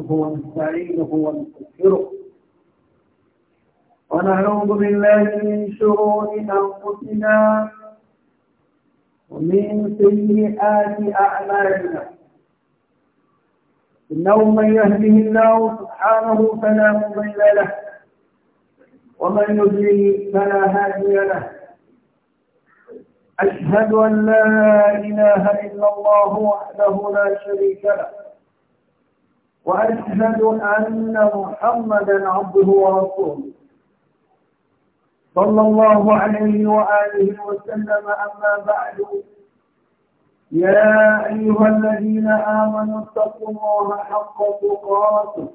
نحمده ونستعينه ونستغفره ونعوذ بالله من شرور أنفسنا ومن سيئات أعمالنا إنه من يهده الله سبحانه فلا مضل له ومن يضلل فلا هادي له أشهد أن لا إله إلا الله وحده لا شريك له وأشهد أن محمدا عبده ورسوله صلى الله عليه وآله وسلم أما بعد يا أيها الذين آمنوا اتقوا الله حق تقاته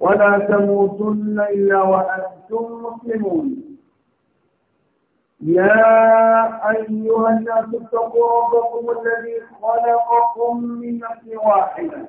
ولا تموتن إلا وأنتم مسلمون يا أيها الناس اتقوا ربكم الذي خلقكم من نفس واحدة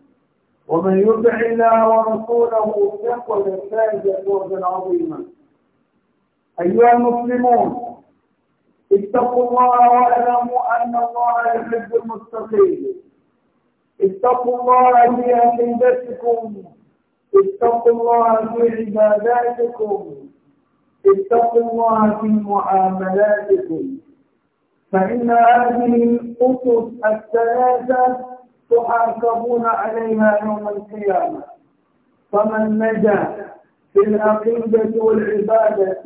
ومن يطع الله ورسوله فقد فاز فوزا عظيما ايها المسلمون اتقوا الله واعلموا ان الله يحب المستقيم اتقوا الله في عقيدتكم اتقوا الله في عباداتكم اتقوا الله في معاملاتكم فان هذه الاسس الثلاثه تحاسبون عليها يوم القيامة فمن نجا في العقيدة والعبادة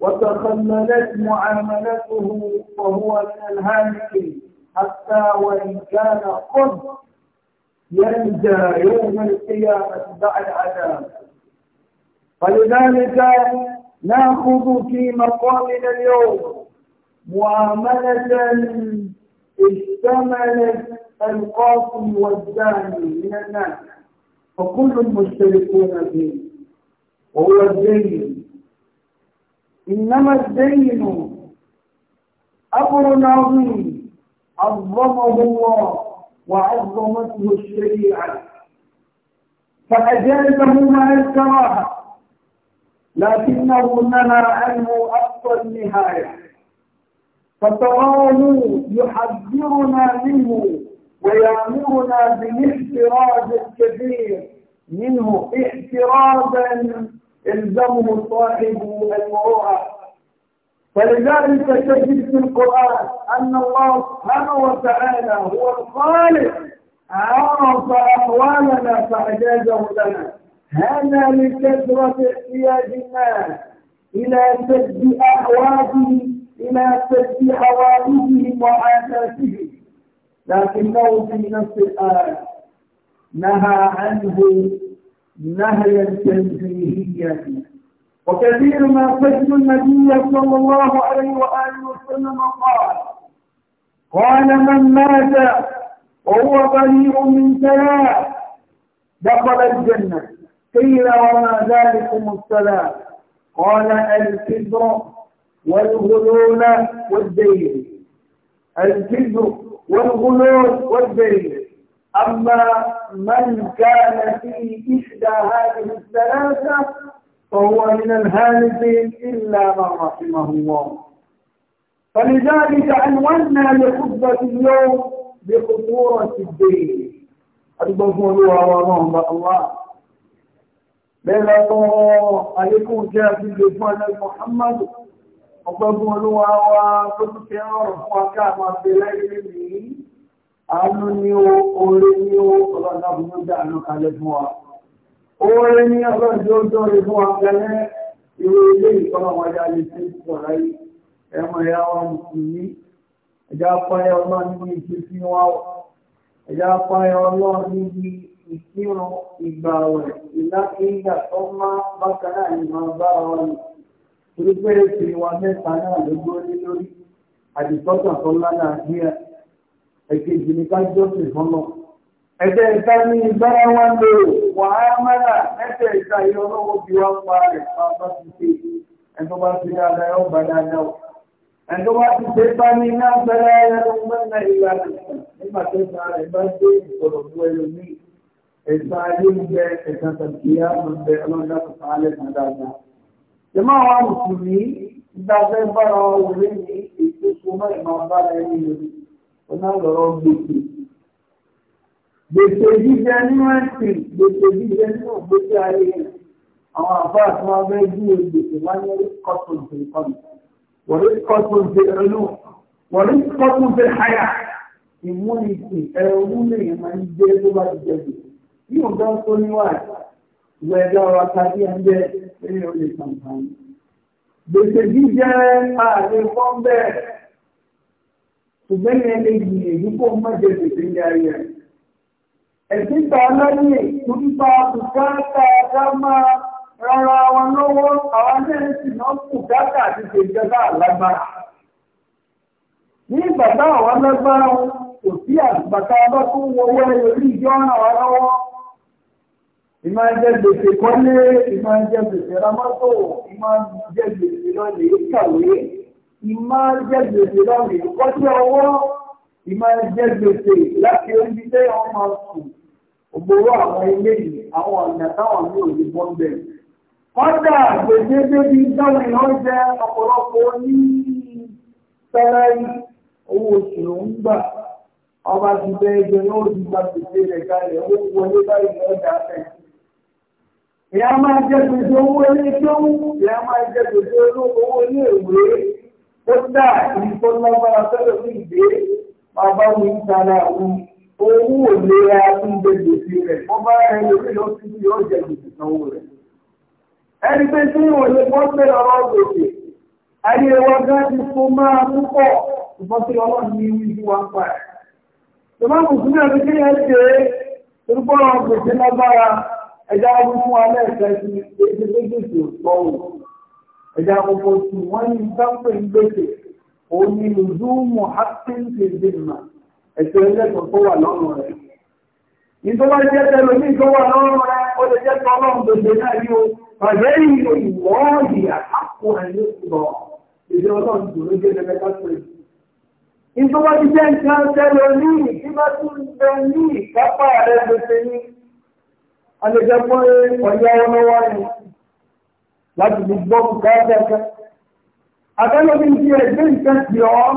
وتخللت معاملته فهو من الهالكين حتى وإن كان قد ينجى يوم القيامة بعد عذاب فلذلك ناخذ في مقامنا اليوم معاملة اشتملت القاسم والزاني من الناس فكل المشتركون فيه وهو الدين إنما الدين أمر عظيم عظمه الله وعظمته الشريعة فأجازه مع الكراهة لكنه نهى عنه أقصى النهاية فتراه يحذرنا منه ويأمرنا بالاحتراز الكبير منه احترازا الزمه صاحب المروءة فلذلك تجد في القرآن أن الله سبحانه وتعالى هو الخالق عرف اقوالنا فأجازه لنا هذا لكثرة احتياج الناس إلى سد احوالهم إلى سد حوائجهم وعاداتهم لكنه في نفس الآية نهى عنه نهيا تنزيهيا وكثير ما سجد النبي صلى الله عليه وآله وسلم قال قال من مات وهو بريء من ثلاث دخل الجنة قيل وما ذلكم الثلاث قال الكبر والغلول والدين الجزء والغلول والدين أما من كان في إحدى هذه الثلاثة فهو من الهالكين إلا من رحمه الله فلذلك عنونا لخطبة اليوم بخطورة الدين أتبقوا ورحمة الله بلغوا عليكم جاهزين لفعل محمد ọgbọ́gbọ́n olúwa wa tó tún fẹ́ ọ̀rọ̀ fún aká àmà bẹ̀rẹ̀ ilé ní àánú ní o oore ní o ọlọ́dà bùnú dá àánú kalẹ̀ fún wa oore ní ọlọ́dà ó dọ́rẹ̀ fún wa kalẹ̀ irú ilé ìkọ́nà wa yá lè fi sọ̀rọ̀ yìí ẹmọ ìyá torí pé èsì wa mẹ́ta náà ló dúró ní lórí àdìsọ́tà tó lánàá ní ẹ èkejì ní ká jọ́sìn fọ́nà. ẹ̀jẹ̀ ìta ní ìgbára wa ń lò wàhálà mẹ́ta ẹ̀jẹ̀ ìta yìí ọlọ́wọ́ bí wọ́n pa rẹ̀ pa bá ti ṣe ẹ̀tọ́ bá ti dáadáa ẹ̀ ọ̀gbà dáadáa o. ẹ̀tọ́ bá ti ṣe bá ní iná bẹ́rẹ̀ ẹ̀rọ mẹ́ta ìlànà nígbà tó ta rẹ̀ bá dé ìsọ̀rọ̀ fún ẹlòmíì ẹ̀ta ayé ń bẹ ẹ̀ka tàbí Ìmọ̀ àwọn mùsùlùmí ìdájẹ́ bára orí ní ìpínpín mọ́ ìmọ̀ bára ẹni lórí onáàlọ́rọ̀ gbèsè. Gbèsè jíjẹ nínú ẹ̀sìn, gbèsè jíjẹ nínú gbèsè ayé rẹ̀. Àwọn àbá àti wọn fẹ́ jí gbèsè wá ní orí kọ́tùn fi kọ́nù. Wọ́n rí kọ́tùn fi ẹlú. Wọ́n kọ́tùn fi háyà. Ìmúnisìn ẹ̀rọ múlẹ̀ yẹn máa tó bá ti jẹ Bí òun bá tó níwájú wẹ̀dọ̀ ọ̀rọ̀ tàbí ẹgbẹ́ ní orí kàǹkàní. Gbèsè jíjẹ́ ààrẹ fọ́n bẹ́ẹ̀, ṣùgbọ́n ní ẹni ìgbìyànjú èyí kò mọ́ jẹ gbèsè ní ayé rẹ̀. Ẹ̀sìn ta lẹ́yìn nípa bùkátà ká máa rárá wọn lọ́wọ́ àwọn náà sì náà bùkátà àti ṣèjọba àlágbára. Ní ìgbà táwọn lágbára wọn kò sí àgbàtà ọlọ́kùnrin owó ẹ̀yọ́ orí ìjọ ọ̀ràn wọn lọ́wọ́ ìmá jẹ́ gbèsè kọ́lé ìmá jẹ́ gbèsè ramọ́tò ìmá jẹ́ gbèsè lọ́lẹ̀ kàwé ìmá jẹ́ gbèsè lọ́lẹ̀ kọ́sẹ́ ọwọ́ ìmá jẹ́ gbèsè láti orí tẹ́ wọ́n máa sùn ògbòrò àwọn ilé yìí àwọn ọ̀nà táwọn ní òní bọ́ńbẹ̀. kọ́dà gbèsè débi dáwọn èèyàn jẹ ọ̀pọ̀lọpọ̀ ní sẹ́lẹ̀rì owó oṣù ló ń gbà ọba ti bẹ́ẹ̀ jẹ lóòdì gbàgbèsè rẹ̀ kalẹ̀ ó wọlé báyìí ọjà fẹ̀yìn. Ìyá máa jẹ́ gbèsè owó ilé tó ń, ìyá máa jẹ́ gbèsè owó ilé ìwé tó dà ní tó lágbára sọ́dọ̀ ní ìgbé, bàbá mi ń tara òun. Owó òlera tó ń gbé gbèsè rẹ̀, wọ́n bá rẹ̀ lórí lọ sí bí yóò jẹ gbèsè sanwó rẹ̀. Ẹni pé tí ìwò lè bọ́ sí ọ̀rọ̀ gbèsè, ayé wa gán ti fún máa púpọ̀, ṣùgbọ́n tí ọlọ́run ní wíwú wa ń pa ẹ̀. Ìmọ̀ mùsùlùmí ẹja ọdún fún alẹ́ ẹ̀fẹ́ sí èdè méjèèjì òtọ́ o ẹja ọkọ̀ tí wọ́n ní dáńpẹ́ ń gbèsè òun ni lùdúùmù hátìǹtì ìdìmà ẹ̀sẹ̀ ẹlẹ́tọ̀ tó wà lọ́rùn rẹ̀ nítorí wọ́n jẹ́ tẹ́lẹ̀ ní tó wà lọ́rùn rẹ̀ ó lè jẹ́ tọ́ ọlọ́run gbèsè náà yí o pàdé ìlú ìwọ́ọ̀dì àtàkù ẹ̀yẹ lọ ìdí ọlọ́run dùn ló jẹ́ tẹ́lẹ̀ kápẹ́ nítorí wọ́n nǹkan tẹ́lẹ̀ ní ìdí alẹ́jẹ́ pé ọ̀yá ọlọ́wọ́ ni láti lè gbọ́ bùkátẹ́kẹ́. Àtẹ́lómi ti ẹgbẹ́ ìfẹ́ ti ọ́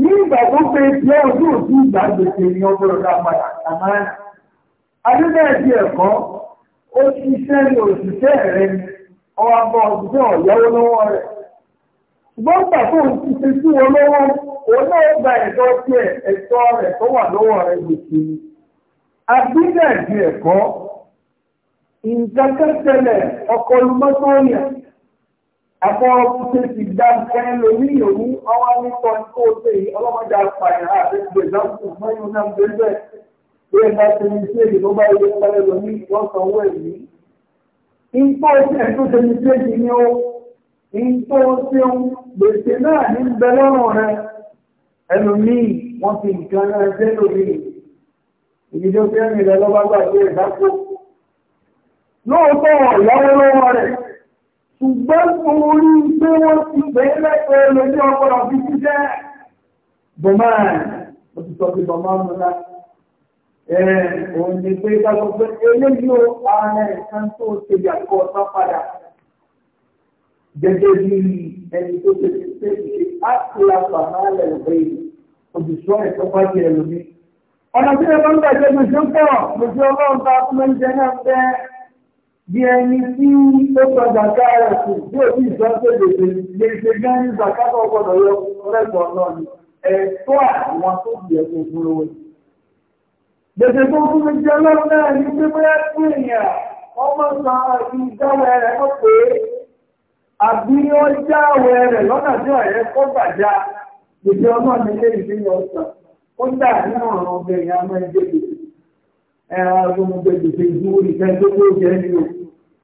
ní ìgbà tó pé tí ó ojú òjú ìgbà gbèsè ní ọgbọ̀rọ̀ dápadà àmáyà. Adébẹ̀ ti ẹ̀kọ́, ó ṣiṣẹ́ ní òṣìṣẹ́ rẹ̀ ni, ọwọ́ bọ́ òṣìṣẹ́ ọ̀yáwó lọ́wọ́ rẹ̀. Ṣùgbọ́n gbà tó ń ti ṣe sí wọn lọ́wọ́, òun náà gba ẹ̀tọ́ tiẹ̀ ẹ̀tọ́ rẹ̀ tó wà lọ́wọ́ rẹ̀ gbèsè ni. Adébẹ̀ ti ẹ̀kọ́, nǹkan kan tẹ̀lẹ̀ ọkọ̀ olùmọ́tò yẹn àfọ ṣe ti dá ẹni lórí ìyòwú ọwọ́ nípa tó ṣe yìí ọlọ́mọdé apààyàn àti ìgbè ìdáhùn mẹ́rin náà ń bẹ́ẹ̀ bẹ́ẹ̀ bí ẹ bá ṣe ní ṣe èyí ló bá yẹ pẹ́lẹ́ lómi wọ́n san owó ẹ̀mí. nǹkan ọ̀sẹ̀ tó ṣe ní ṣe èyí ni ó nǹkan ọ̀sẹ̀ gbèsè náà ní bẹ lọ́rùn rẹ ẹlòmíì wọ́n fi nǹkan náà ṣe lórí ìdíjọ́ lóòótọ́ ọ̀yáwó lọ́wọ́ rẹ̀ ṣùgbọ́n orí pé wọ́n ti bẹ̀ẹ́ lẹ́pẹ́ lójú ọpọlọ fi ti jẹ́ bọ̀máà ó ti sọ pé bọ̀máà múra òun ni pé kájọ pé eléyìí ó ara ẹ̀kan tó ṣe yàtọ̀ ọ̀tá padà gẹ́gẹ́ bí ẹni tó ṣe ti ṣe ṣe ákìlá fàmálẹ̀ òwe òjìṣọ́ ẹ̀tọ́ bá jẹ ẹlòmí ọ̀nà tí ẹ bá ń gbàgbé gbèsè ń pọ̀ gbèsè ọlọ́run ta fún ẹ̀jẹ̀ náà bí ẹni tí ó sọ gbàgbà rẹ̀ kù bí òbí ìjọ́sẹ̀ lèṣe lèṣe gan ní gbàgbà ọgbọ̀dọ̀ yọ rẹ̀gbọ̀n náà ni ẹ̀tọ́ àwọn tó fi ẹ̀kọ́ fún lówó. Gbèsè tó fún mi jẹ́ lọ́wọ́ náà ní pé bóyá tí èèyàn ọmọ san àti ìjáwẹ̀ rẹ̀ kọ́ pé àbí ó jáwẹ̀ rẹ̀ lọ́nà tí ọ̀rẹ́ kọ́ gbàjá gbèsè ọmọ mi lé ìdílé ọ̀sán. Ó dà nínú ọ̀rọ̀ ọgbẹ̀yìn àmọ́ ẹgbẹ́ gbèsè. Ẹran agbóhun gbèsè ìdúró ìfẹ́ tó kó jẹ́ ní òkú.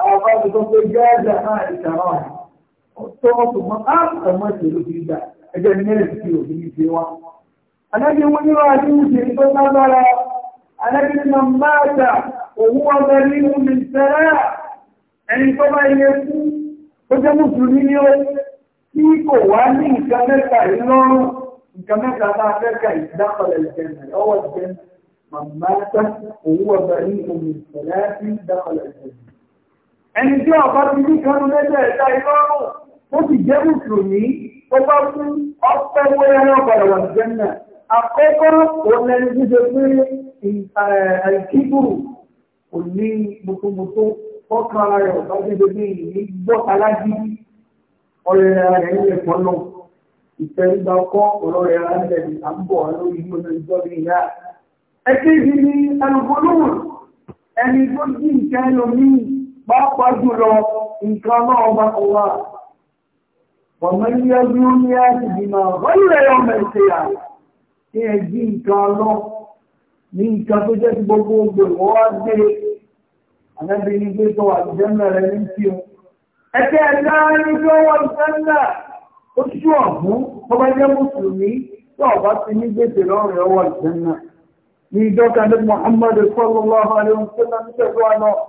àwọn bá mi tó pé jẹ́ẹ́dà náà ìtàrọ̀ tó wọ́n tó mọ́ áàpù mọ́ ìṣèlú fi gbà ẹgbẹ́ ní mẹ́rin sí òbí ní ṣe wá. Anábí wọ́n ní wọ́n àti ìṣe tó lágbára. Anábí ní máa máa ta òun ọmọ nínú mi sẹ́rà. Ẹni tó bá ilé kú tó jẹ́ mùsùlùmí ni ó tí kò wá ní nǹkan mẹ́ta ìlọ́rùn nǹkan mẹ́ta bá mẹ́ta ìdákọ̀lẹ̀ ìjẹun ọwọ́ ìjẹun màmá ta òun ọmọ nínú mi sẹ́rà sí ìdákọ̀lẹ̀ ìjẹun ẹni tí ọ̀pá ti ní kanú lẹ́jọ́ ẹ̀ta ìlọ́rùn ó sì jẹ́ mùsùlùmí ó bá fún ọpẹ́ wẹ́rẹ́ ọ̀pọ̀lọ̀ wà jẹ́nà àkọ́kọ́ òun ẹni tí ṣe pé àìkíkùrù kò ní mùtùmùtù ọkàn ara rẹ̀ ọ̀pá ti ṣe pé ìní gbọ́ta lájí ọ̀rẹ́ ara rẹ̀ ń lè pọ̀ lọ ìtẹ̀rígbà ọkọ́ ọ̀rẹ́ ara rẹ̀ à ń lórí ìmúlò ìjọba ìyá ni ẹnìkan lóhùn ẹni tó ìkẹ́ lómìn pàápàá jùlọ nǹkan náà bá wà ọmọ ilé ọdún ní àti ìgbìmọ̀ ọ̀rẹ́ ọmọ ẹ̀sẹ̀ yà kí ẹ jí nǹkan lọ ní nǹkan tó jẹ́ ti gbogbogbò ìwọ́n wá gbé ànábi ní gbé tó àjẹ́mẹ̀ rẹ ní tí o ẹ̀kẹ́ ẹ̀dá ní tí ó wọ́n fẹ́ ó tú ọ̀hún tó jẹ́ mùsùlùmí tó ọ̀bá ti ní gbèsè lọ́rùn ọwọ́ ìjẹ́ náà ní ìjọ́ka ní Muhammad sallallahu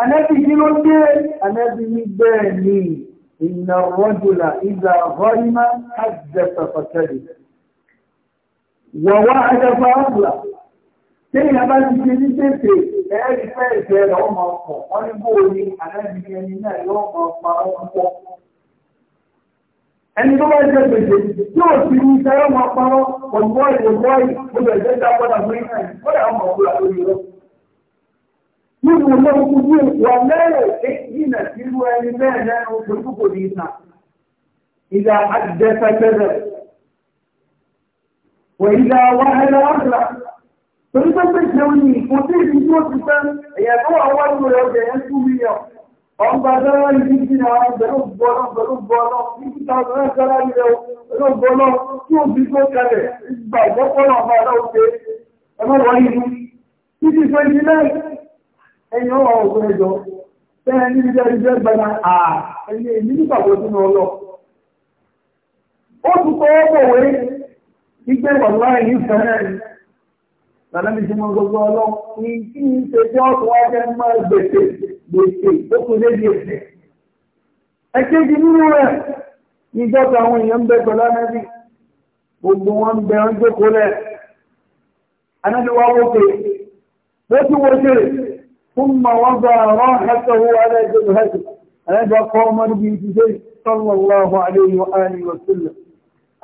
Ànẹ́bí kí ló dé? Ànẹ́bí ní bẹ́ẹ̀ ni ìnà rọ́jùlà ìgbà rọ́ìmá àjẹsà pàtàkì. Wọ̀wá àjẹsà ọ̀gbà. Ṣé ìyá bá ti ṣe ní tètè ẹ̀rí fẹ́ ìfẹ́ rẹ̀ ó máa pọ̀? Wọ́n ní bóò ni ànẹ́bí ẹni náà yóò máa pa ọmọ pọ̀. Ẹni tó ọmọ pa ọmọ ìwọ̀n nínú lọ́wọ́ ní wà lẹ́rẹ̀ẹ́ nínà sínú ẹni bẹ́ẹ̀ lẹ́nu òṣèlúkò ní ìsà ìdá àjẹsẹ̀tẹ̀rẹ̀ wọ̀ ìdá wà ẹ̀rẹ̀ ọ̀dà torí tó pé jẹun ní ìfò tí ìlú tí ó ti fẹ́ èyàn tó wà wá lórí ọjọ́ yẹn tú mílíọ̀n ọgbà dára ìlú tí na bẹ̀rù bọ́lọ́ bẹ̀rù bọ́lọ́ ní títà ọ̀rẹ́ sára ilẹ̀ ọ̀rẹ́ bọ́lọ́ tí ó bí tó kalẹ̀ ìgbà ìgbọ́pọ̀lọ́ ọmọ aláwọ̀ pé ẹmọ́ wọ́n yìí títí 29 ẹ̀yìn ọwọ́ òkun ẹjọ́ tẹ́lẹ̀ níbi jẹ́ ìjẹ́ gbẹ̀rẹ̀ àà ẹ̀yìn èyí nígbàgbọ́ sínú ọlọ́ ó tún kọ́ ọ́pọ̀wé gbígbé wàlúwà ẹ̀yìn fẹ́rẹ̀ lànàbí tí mo gbogbo ọlọ́ ní kí n ṣe tí ó tún wáyé máa gbèsè gbèsè tó kù lédi ẹ̀sẹ̀ ẹ̀kejì nínú rẹ̀ níjọ́ta àwọn èèyàn ń bẹ pẹ̀lú anábì gbogbo wọn ń bẹ wọn jókòó lẹ̀ anábì wá wókè bó tún wọ́n ṣeré ثم وضع راحته على جبهته هذا قوم به صلى الله عليه وآله وسلم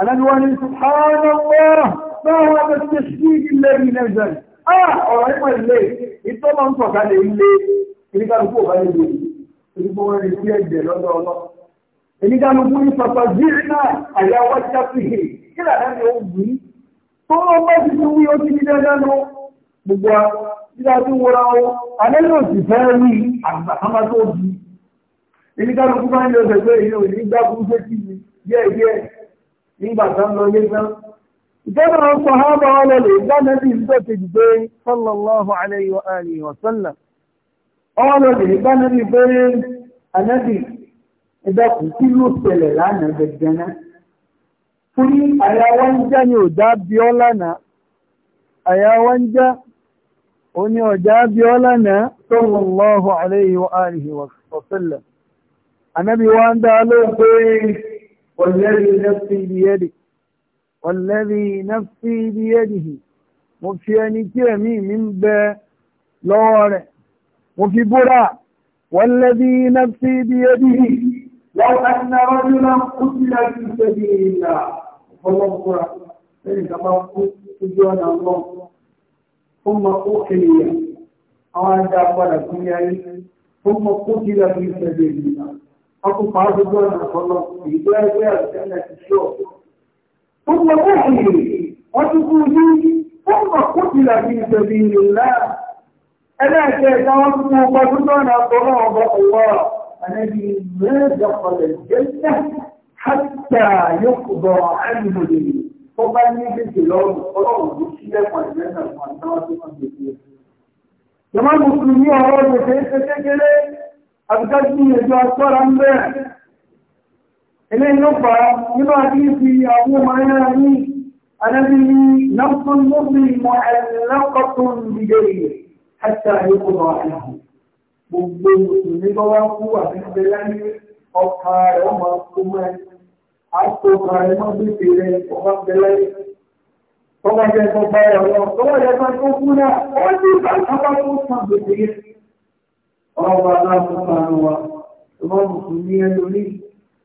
أنا الوالي سبحان الله ما هذا التشديد الذي نزل آه أرحم الليل إطلع أنتك على الليل إذا كان فوق على الليل إذا كان فوق على الليل إذا كان فوق ففزعنا على وجهه كلا هذا يوم tó lọ bá ti tún wí ó ti ní dandan lọ gbogbo a tí wọ́n ra ọ alẹ́ yóò sì fẹ́ rí àgbà kan bá bá ń lọ díẹ̀díẹ̀ ń lọ ilé ìjọba gbé kí ló ṣẹlẹ̀ ó ní ọjà bí ọ lánàá sallallahu alayhi wa alihi wa sallam anábì wa ń dá lóhùn pé walladhi nafsi biyadihi walladhi nafsi biyadihi mo fi ẹni tí ẹ̀mí mi ń bẹ lọ́wọ́ rẹ̀ mo fi búra والذي نفسي بيده لو أن رجلا قتل في سبيل الله فالله قرأ ذلك ثم أوحي أوان دابر كنياي ثم قتل في سبيل الله أكو فاضل أنا والله إذا جاء الجنة الشوق ثم أوحي وتقولي ثم قتل في سبيل الله أنا كتابنا فاضلنا طلاب الله الذي ما دخل الجنة حتى يقضى عنه لله tó bá ní gbèsè lọ́rùn ọlọ́run ló sílẹ̀kùn àìmẹ́ta fún àtàwọn tó kàn gbèsè rẹ̀. Jọmọ́ Mùsùlùmí ọ̀rọ̀ gbèsè ṣe kékeré àbíká sí ẹjọ́ agbára ń bẹ̀rẹ̀. Ilé inú pa nínú àdífi àwọn ọmọ ayára ní Adájú ní Nàfún Mọ́bí mọ ẹ̀lẹ́kọ̀tún ìdíje rẹ̀ ẹ̀ṣà ìkó lọ àìhàn. Gbogbo Mùsùlùmí lọ́wọ́ àpò ọ̀rẹ́mọ́ bí kèrè ọba bẹ̀rẹ̀ ọba jẹ́ tó báyọ̀ lọ ọba jẹ́ tó tó kú náà wọ́n ti bá ọba tó sàn gbèsè yẹn ọba aláàbùkà wa ọba mùsùlùmí ẹlòmí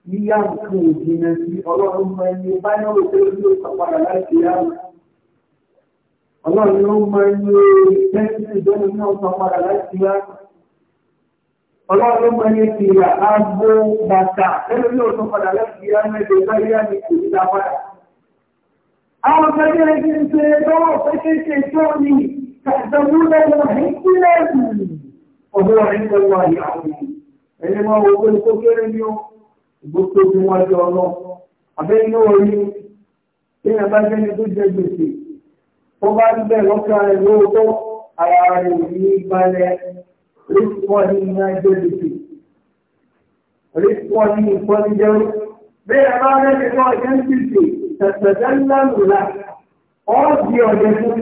yíyá nǹkan òjìnà sí ọlọ́run mọ ẹni báyọ̀ Ọlọ́run mọ́ ní ti rà ágbó bàtà lẹ́nu ní òtún padà lẹ́sì ẹ̀mẹ́jọ báyá ní kò ní dápadà. Àwọn ọ̀sẹ̀lẹ̀ ti ń ṣe lọ́wọ́ pẹ́kẹ́kẹ́ tó ní kàtàkùn lẹ́nu ìpínlẹ̀ ọdún ọ̀rìn pẹ̀lú àyàwó. Ẹni máa wo pé kó kéré ní gbogbo tí wọ́n jọ lọ. Àbẹ́ inú orí rísíwọ́n ní ẹgbẹ́ lèpè rísíwọ́n ní ìfọ́nijẹ́rí bí ẹ bá rẹ́gbẹ́ náà jẹ́ ń pèsè tẹ̀tẹ̀tẹ̀ ńlá lòlá ọ́ di ọ̀dẹ fún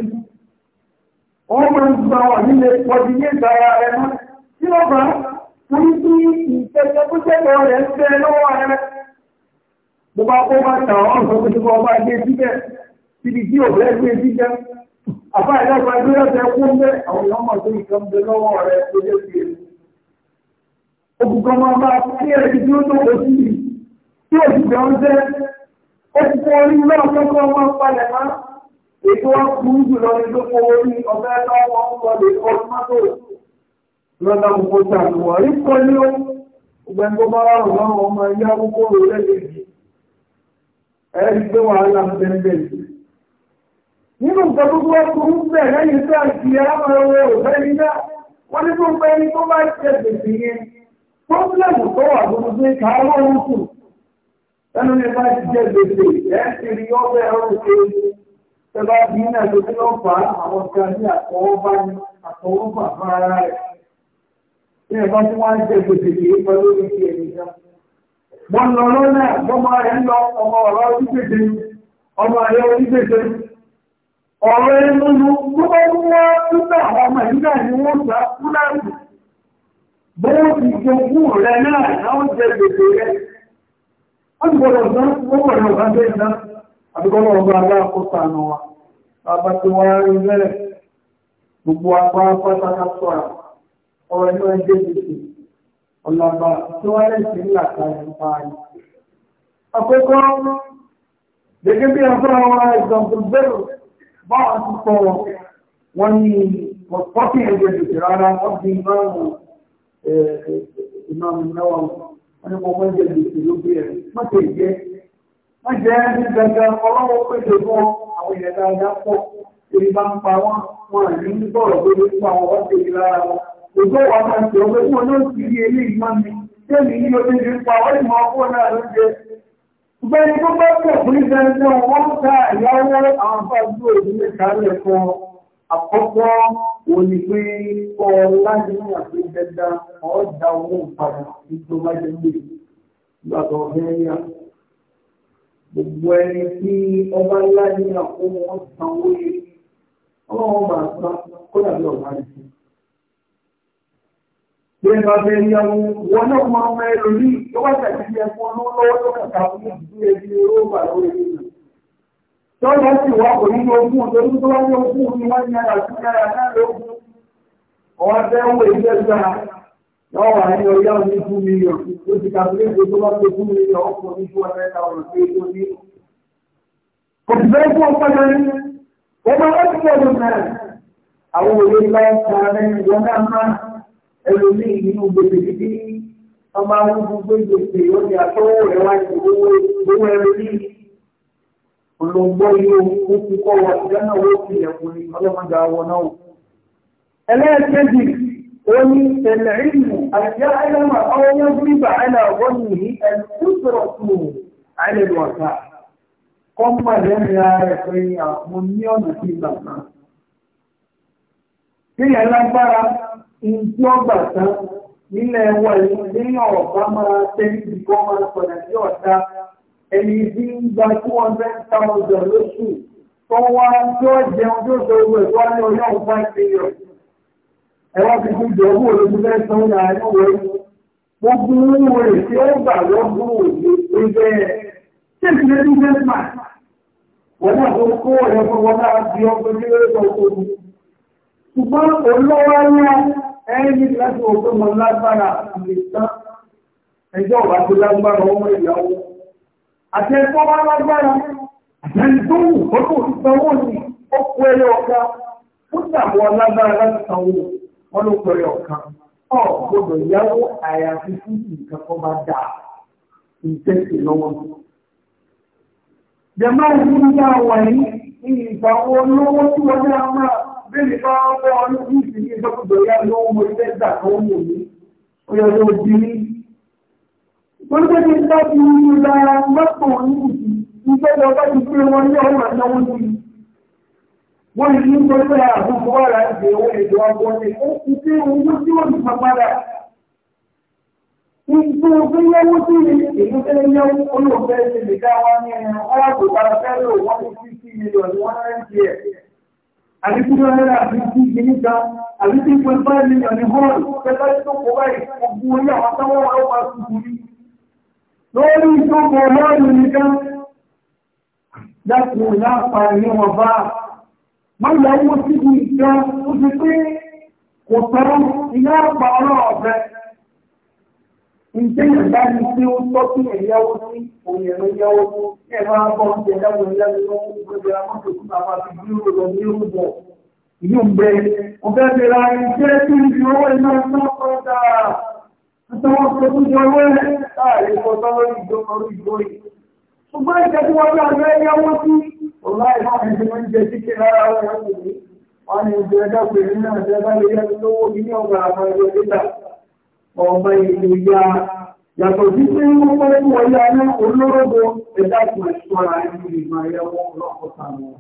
wọ́n máa ń gba wà nílé pọ̀jù ní ìgbàra rẹ̀ mọ́ tí wọ́n bá fún sí ìfẹ́fẹ́ tó jẹ́kọ̀ọ́ rẹ̀ ń fẹ́ lọ́wọ́ rẹ̀ Àbá ìlẹ́gbà ẹgbẹ́ ẹ̀sẹ̀ kú ń bẹ́ àwọn ọmọ tó nǹkan bẹ lọ́wọ́ rẹ̀ tó jẹ́ sí ẹ̀. Òkùnkàn máa máa kí ẹ̀rí tí ó tó kò sí yìí. Tí òṣìṣẹ́ ń jẹ́, ó ti fọ́ orí náà kọ́kọ́ máa ń palẹ̀ máa. Ètò ọkùnrin jùlọ ni ló fọ orí ọ̀fẹ́ lọ́wọ́ ń lọ lè kọ́ mọ́tò. Lọ́dà gbogbo tàbùwà rí kọ́ ní ó. Gbẹ̀ngbọ́ bá wà lọ́wọ́ ọmọ ẹgbẹ́ akókó rẹ̀ lẹ́yìn nínú nǹkan tó tó ọkùnrin ń bẹ̀ lẹ́yìn tó àti àwọn ọwọ́ òfẹ́ nígbà wọ́n ní tó ń pẹ́ ní tó bá ṣe gbèsè yẹn pọ́blẹ́mù tó wà lórí pé káwọ́ ń kù ẹnu ní bá ti jẹ gbèsè ẹ̀ẹ́sìrì ọgbẹ́ ọrùn ṣe tẹ́lá bí náà ló tí wọ́n fà àwọn kan ní àtọwọ́bá ní àtọwọ́bà fún rẹ̀ ní ẹ̀bá tí wọ́n jẹ gbèsè yìí pẹ̀lú ìṣe ènìyàn wọ́n lọ lọ́nà àgbọ́mọ rẹ̀ ń lọ ọmọ ọ̀rọ̀ onígbèsè ọmọ ayé onígbèsè ọ̀rọ̀ ẹlúlu tó bá ń wá títà àwọn ọmọ ìgbà ni wọ́n gbà fúláàrù bóò ti jogún rẹ̀ náà láwọn jẹ wọ́n ti gbọ́dọ̀ iná ọgbà wa bàbá wọ́n rí gbogbo apá báwọn ti sọ wọ́n ní pọ́pì ẹgbẹ́ ìdòkè rárá wọ́n di ìmáàmù ìmáàmù náwà wọ́n ní pọ́pì ẹgbẹ́ ìdòkè ló gbé ẹ̀ má ṣe jẹ́ má jẹ́ ní gangan ọlọ́wọ́ pèsè fún àwọn ìyẹn dáadáa pọ̀ èyí bá ń pa wọ́n wọn àní ní bọ̀rọ̀ pé ó fún àwọn wọ́n tèmi lára wọn òjò wà máa ṣe ìmọ̀ Gbẹ́ni tó bá pẹ̀ fún ìdẹ́ntẹ́ wọ́n ká ìyáwó àwọn fàájú òdílé kárí ẹ̀kọ́ àkọ́kọ́ òní pé kọ́ láti mú àti ìdẹ́dá ọ̀dá owó padà tó bá jẹ́ lè gbàtọ̀ ọ̀fẹ́yà. Gbogbo ẹni tí ọba ńlá ní àkóhun Bí ẹ bá fẹ́ yẹwò, wọn náà máa mọ ẹlòmí tó wá tàbí ẹ̀fọn lọ́wọ́ tó kàkà fún ìdílé ẹbí róòbà lórí ìlú. Tọ́lá sì wá kò nínú ogún lórí tó wá ní ogún ni wọ́n ní ara sí ara náà lógún. Ọwọ́ fẹ́ wọ ìlú ẹgbẹ́ lọ́wọ́ wà ní ọjọ́ ní two million. Ó ti kàbílẹ̀ èdè tó bá tó two million ọkùnrin tó wọ́n fẹ́ ta ọ̀rọ̀ pé tó ní. ẹlòmí nínú gbèsè títí wọn máa ń gbogbo gbèsè wọn ni àtọwọ rẹ wá ní owó owó ẹrẹ ó ti náà náà. ó ní ẹ̀lẹ́ ìlú àti ọwọ́ gbígbà yìí ẹ̀lú ara ẹ̀ ìtí ọgbà tán nílẹ̀ ẹwà ìlú ọ̀bá máa tẹ́lifí kọ́ máa sọ̀rọ̀ sí ọ̀tá ẹni tí ń gba two hundred thousand lóṣù tó wá tí ó jẹun tó sọ owó ẹ̀ wá ní ọlọ́run five million ẹwà fi fún ìjọ owó olóṣù fẹ́ sanwó láàrin òwe gbogbo owó rẹ̀ tí ó gbà lọ́gbọ̀n òye pé bẹ́ẹ̀ ṣé ìdílé ní bẹ́ẹ̀mà wọ́n náà tó kó ẹ̀fọ́ wọn náà di ọgbẹ́ nílé ọkọ̀ òkú ṣùgbọ́n olówó ayé ẹni láti wò pé mo lágbára àmì ìtàn ẹjọ́ ọ̀bá tó lágbára ọmọ ìyàwó àti ẹ̀kọ́ bá lágbára àtẹ́ni tó wù ó tó ti sanwó ní ó kú ẹyọ ọ̀ka ó sàbọ̀ lágbára láti sanwó wọn ló pẹ̀lú ọ̀ka ọ̀ gbọdọ̀ ìyàwó àyàfi fún nǹkan kan bá dà ìtẹ́sí lọ́wọ́ jẹ̀mọ́ àwọn ẹ̀yìn ìgbà wo tí wọ́n ní àwọn bẹ́ẹ̀ bá wọ́n bọ́ lówó mo fẹ́ gbà tó ń wò mí ó yẹ kó di rí. Wọ́n fẹ́ kí n bá ti ń la mọ́tò yìí ní gbọ́dọ̀ bá ti pé wọn ní ọ̀rọ̀ àtàwọn ní. Wọ́n lè ní sọ pé àwọn ọmọ wa rà ṣe owó ó ti tí wọ́n ti pa padà. wọ́n ní fífí àdíkúrò ẹ̀rẹ́ àdíkú ìgbìníta àdíkú ìpẹ́ báyìí mílíọ̀n ní hall pẹ̀lú tó kò báyìí ogun orí àwọn tánwọ́ àwọn máa sùkú ní lórí tó kò lọ́rùn nìkan láti wọ́n lápa ní wọn bá máyàwó sí ìjọ ó ti pé kò tọ́rọ iná àpà ọlọ́ ọ̀fẹ́ ìgbéyàn bá ní pé ó tọ́ sí ẹ̀yáwó sí òun ẹ̀rọ yáwó ní ẹ̀rọ abọ́ oúnjẹ yáwó ìyáwó lọ́wọ́ gbogbo ẹ̀rọ mọ́tò fún àwọn àfihàn lọ ní orúbọ̀ ìlú ń bẹ ọ̀fẹ́ ti ra iṣẹ́ tí ń fi owó iná iná kan dáa nítorí pé ó ti owó ẹ̀ láàrin kan sọ́wọ́ ìjọ orí ọmọ ìlú ya yàtọ̀ sí pé wọ́n mọ́ ẹ̀kọ́ ọ̀yá ní olórogbo ẹ̀dá ìmọ̀ ìṣọ́ra ẹni ìmọ̀ ẹ̀wọ̀n lọ́kọ̀ọ́ta wọn.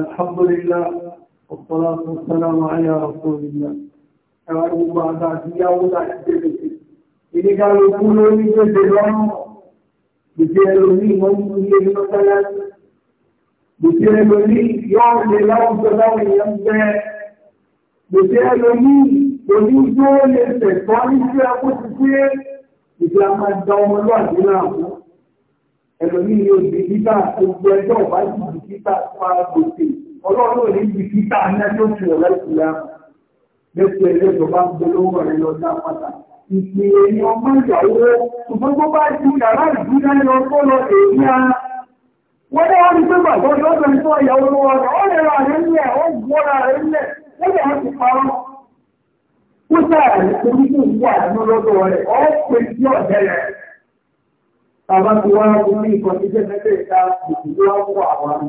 الحمد لله والصلاة والسلام على رسول الله ẹ̀rọ gbogbo àgbà àti ìyàwó láti tẹ̀lé sí ìdíkà lókún lórí tẹ̀lé lọ́rùn Gbèsè ẹlòmí yóò lè láwùjọ láwọn èèyàn bẹ́. Gbèsè ẹlòmí òní yóò lè tẹ̀tọ́ ní sí akóso sí ìgbé a máa da ọmọ lọ́àdí náà mú. Ẹlòmí yóò di títà gbogbo ẹjọ́ ọ̀bá ti di títà pa gbèsè. Ọlọ́run ní di títà náà tó fi ọ̀rẹ́ ìlà. Gbèsè ẹlẹ́jọ̀ bá ń gbólóhùn rẹ̀ lọ dá pátá ìpè èèyàn máa ń yàwó ṣùgbọ́n tó bá ju yàrá ìdúná lọ tó lọ èyí wọ́n dá wọ́n ní pé bàbá ọjọ́ ọhụrụ tó ìyàwó lọ́wọ́ rẹ̀ ó lè ra rẹ̀ nílẹ̀ ó gbọ́ra rẹ̀ nílẹ̀ ó lè wọ́n ti parọ́. ó sáà ní torí kò rẹ̀ bàbá ti wá ní jẹ́ ìta fún àwọn àmì.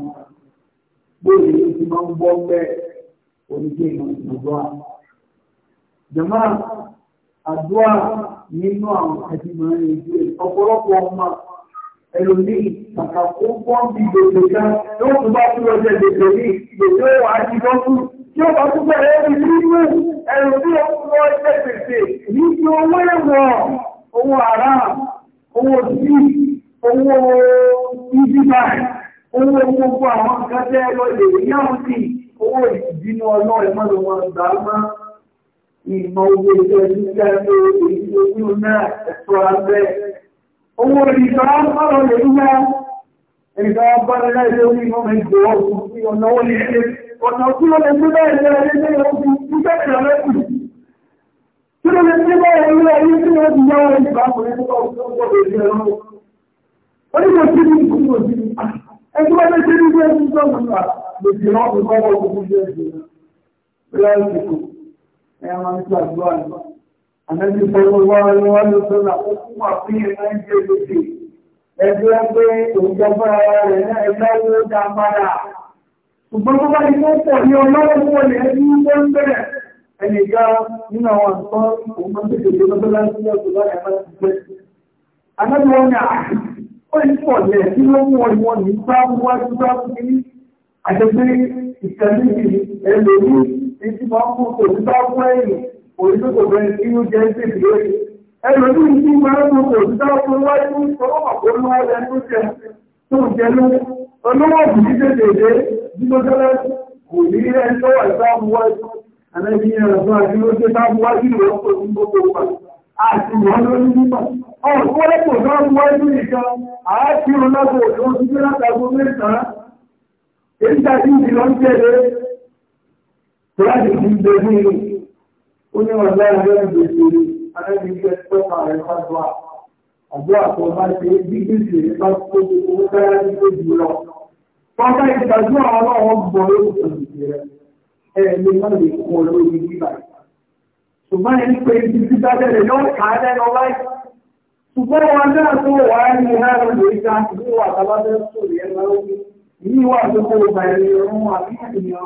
bóyá èyí ti máa ń ìgbàgbọ́. ẹlòmíì kàkà kó pọ́ǹpì kan yóò tún bá tún lọ́jọ́ gbèsè ní gbèsè wà á ti lọ́kù tí ó bá tún bẹ̀rẹ̀ ẹni nínú ẹlòmíì ọkùnrin ọjọ́ gbèsè ní ti owó ẹ̀wọ̀n owó àrà owó sí owó ibi owó gbogbo àwọn nǹkan tẹ́ lọ lè yáwọn sí owó ìdínú ọlọ́rẹ̀ mọ́lẹ̀ wọn gbà má ìmọ̀ owó ìjọ ìdíjẹ́ ní orí náà ẹ̀tọ́ abẹ́ owó ìrìnà ọ̀rọ̀ lèúwá ìrìnà ọgbọ́nlá ilé orí ọmọ ìgbò ọ̀sùn sí ọ̀nà ó lè ṣe ọ̀nà tí ó lè ṣe bẹ́ẹ̀ lẹ́rẹ̀ lẹ́gbẹ́ ọkùn tí bẹ́ẹ̀ lọ lẹ́kùn tí ó lè ṣe bẹ́ẹ̀ lẹ́rẹ̀ ayé tí ó ti yá wọn ìgbà ọkùnrin tó kọ́ ọ̀sán gbọ́dọ̀ ìṣẹ́ lọ́wọ́ onímọ̀ sí ní ìgbìmọ̀ sí ní ẹgbẹ́ wọn lè ṣe ní ìgbẹ́ ọkùnrin tó kọ́ ọ̀sán gbọ́dọ̀ ìṣẹ́ lọ́wọ́ Ànábì sọ́wọ́wọ́ ọlọ́wọ́ ló sọ́nà ó fún àfihàn náà jẹ́ lókè. Ẹgbẹ́ pé òjọba rẹ̀ náà ẹgbẹ́ ló dá padà. Ṣùgbọ́n tó bá ní kó pọ̀ ní ọlọ́wọ́ pọ̀ ní ẹbí tó ń bẹ̀rẹ̀. Ẹnì kan nínú àwọn àtọ́ òun máa ń tètè lé lọ́dọ́ láti ní ọ̀dọ́ láti máa ti pẹ́. Ànábì wọn ni ó ń pọ̀ lẹ̀ kí ló mú ọ ìwọ̀n ní sáwọ́ wájú sáwọ́ kí àjẹpé ìtẹ̀lé ẹlòmíì ti máa ń mú òṣìṣẹ́ fún ẹ̀yìn òṣìṣòkòrò tí ó jẹ́ sí ìlórí ẹ̀rọ ní ìdí máa ń kò síta fún wáyé ń sọ́rọ̀ àkóónú ọ̀rẹ́ tó jẹ tó jẹ ló ọlọ́wọ́ kò ní tètè dídọ́jọ́lá kò ní rẹ̀ ń tọ́wà ìsáàmù wájú àlẹ́bí ẹ̀rọ fún àti ló ṣe sáàmù wájú ìwọ̀n tó ń gbogbo wà àti ìwọ̀n lórí nípa ọ̀pọ̀lọpọ̀ sáàmù wájú nìkan àákí ọlọ́pọ̀ òṣèlú ti gbé látàgbó mẹ́sàn-án èyí tàbí ìdìlọ́ńtẹ̀lẹ́ tó láti fi gbẹ̀gbẹ̀ ó ní wọn lára lẹ́yìn gbèsè alábìíṣẹ́ pẹ́pà rẹ̀ fàdùà àdúrà tó bá ṣe bí gbèsè rẹ̀ bá tó owó dára ní tó jù lọ. Fọ́nká ìgbàdúrà ọlọ́run gbọ́ lórí òṣèlú rẹ̀ ẹ̀ lè má lè kọ́ lórí bíbà. Ṣùgbọ́n ẹni pé ibi tí dájẹ́lẹ̀ yóò kà á lẹ́nu láì. Ṣùgbọ́n wọn náà tó wà á ní ìhà rẹ̀ lè ga ìwé wà tábàbẹ́ sórí ẹ̀ máa ń wí. Ìyí tó kó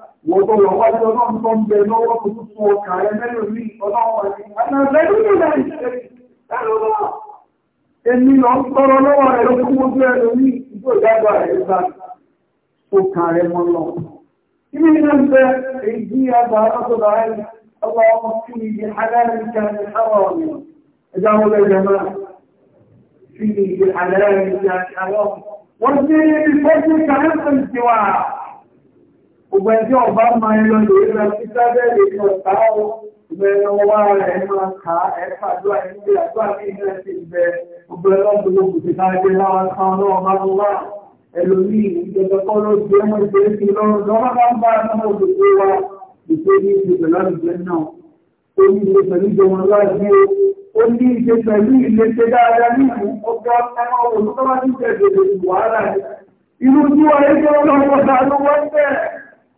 Gbogbo ọ̀wọ́dé ọlọ́run tó ń bẹ lọ́wọ́ tó tún fún ọkà rẹ mẹ́rin ní ọlọ́run àti ẹ̀mí lọ ń tọrọ lọ́wọ́ rẹ̀ ló fún ojú ẹ̀rọ ní ìjọ ìdágbà rẹ̀ gbà ọkà rẹ̀ mọ́ lọ. Ibi iná ń bẹ èyí àgbà ọ̀tọ̀dọ̀ ayé ọgbà ọmọ sí ibi alárìíkà ní àwọn ọ̀nà ẹja wọn lẹ́yìn náà sí ibi alárìíkà ní àwọn ọ̀nà. Wọ́n ti rí ibi fẹ́ Gbogbo ẹjọ́ ọba máa ń lọ lè rẹ̀ sí sábẹ́lì ọ̀tá ọ ìgbẹ̀rẹ̀wọ́wá rẹ̀ máa ká ẹ̀fà àdúrà ìgbẹ̀ àdúrà ní ilẹ̀ ti ìgbẹ̀ gbogbo ẹlọ́gbogbo ti káàkiri láwọn kan náà máa ń wá ẹlòmí ìjọba kọ́ ló ti ẹmọ ìgbẹ́ sí lọ́rùn lọ́wọ́ bá ń bá ọmọ òṣèlú wa ìgbẹ́ ní ìgbẹ̀ lọ́dún náà. Ó ní ilé pẹ̀lú ilé ṣe dáadáa ní ọjọ́ ẹmọ òṣèlú tó bá ti tẹ̀lé ìwàhálà. Irú tí wọ́n ẹgbẹ́ ọlọ́pàá ló wọ́n bẹ̀rẹ̀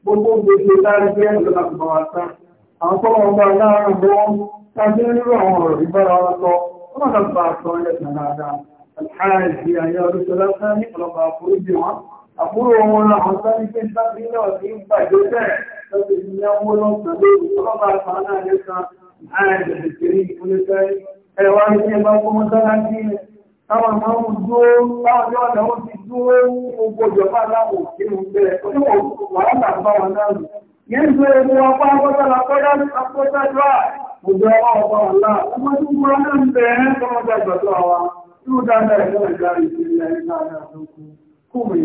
gbogbo gbogbo láàrin bí ẹ̀rọ láti bọ̀ wá tán àwọn tó wọn bá láàrin bọ́ tàbí nínú àwọn ọ̀rọ̀ ìbára wa sọ wọ́n máa tàbí bá sọ ẹ̀sìn dáadáa alhaji ayé ọdún tó lásán ní ọlọ́pàá àforíjì wọn àbúrò wọn àwọn sáré pé sábì náà ti Táwọn ọmọ ń dúó, táwọn ọ̀nà ó ti dúó gbogbo ìjọba aláwọ̀ òkè ń bẹ̀rẹ̀. Ó ní wàhálà bá wọn náà Yẹn ń gbé ọpá agbọ́sára pẹ́lá agbọ́sára gbogbo ọwọ́ ọpá ọ̀la.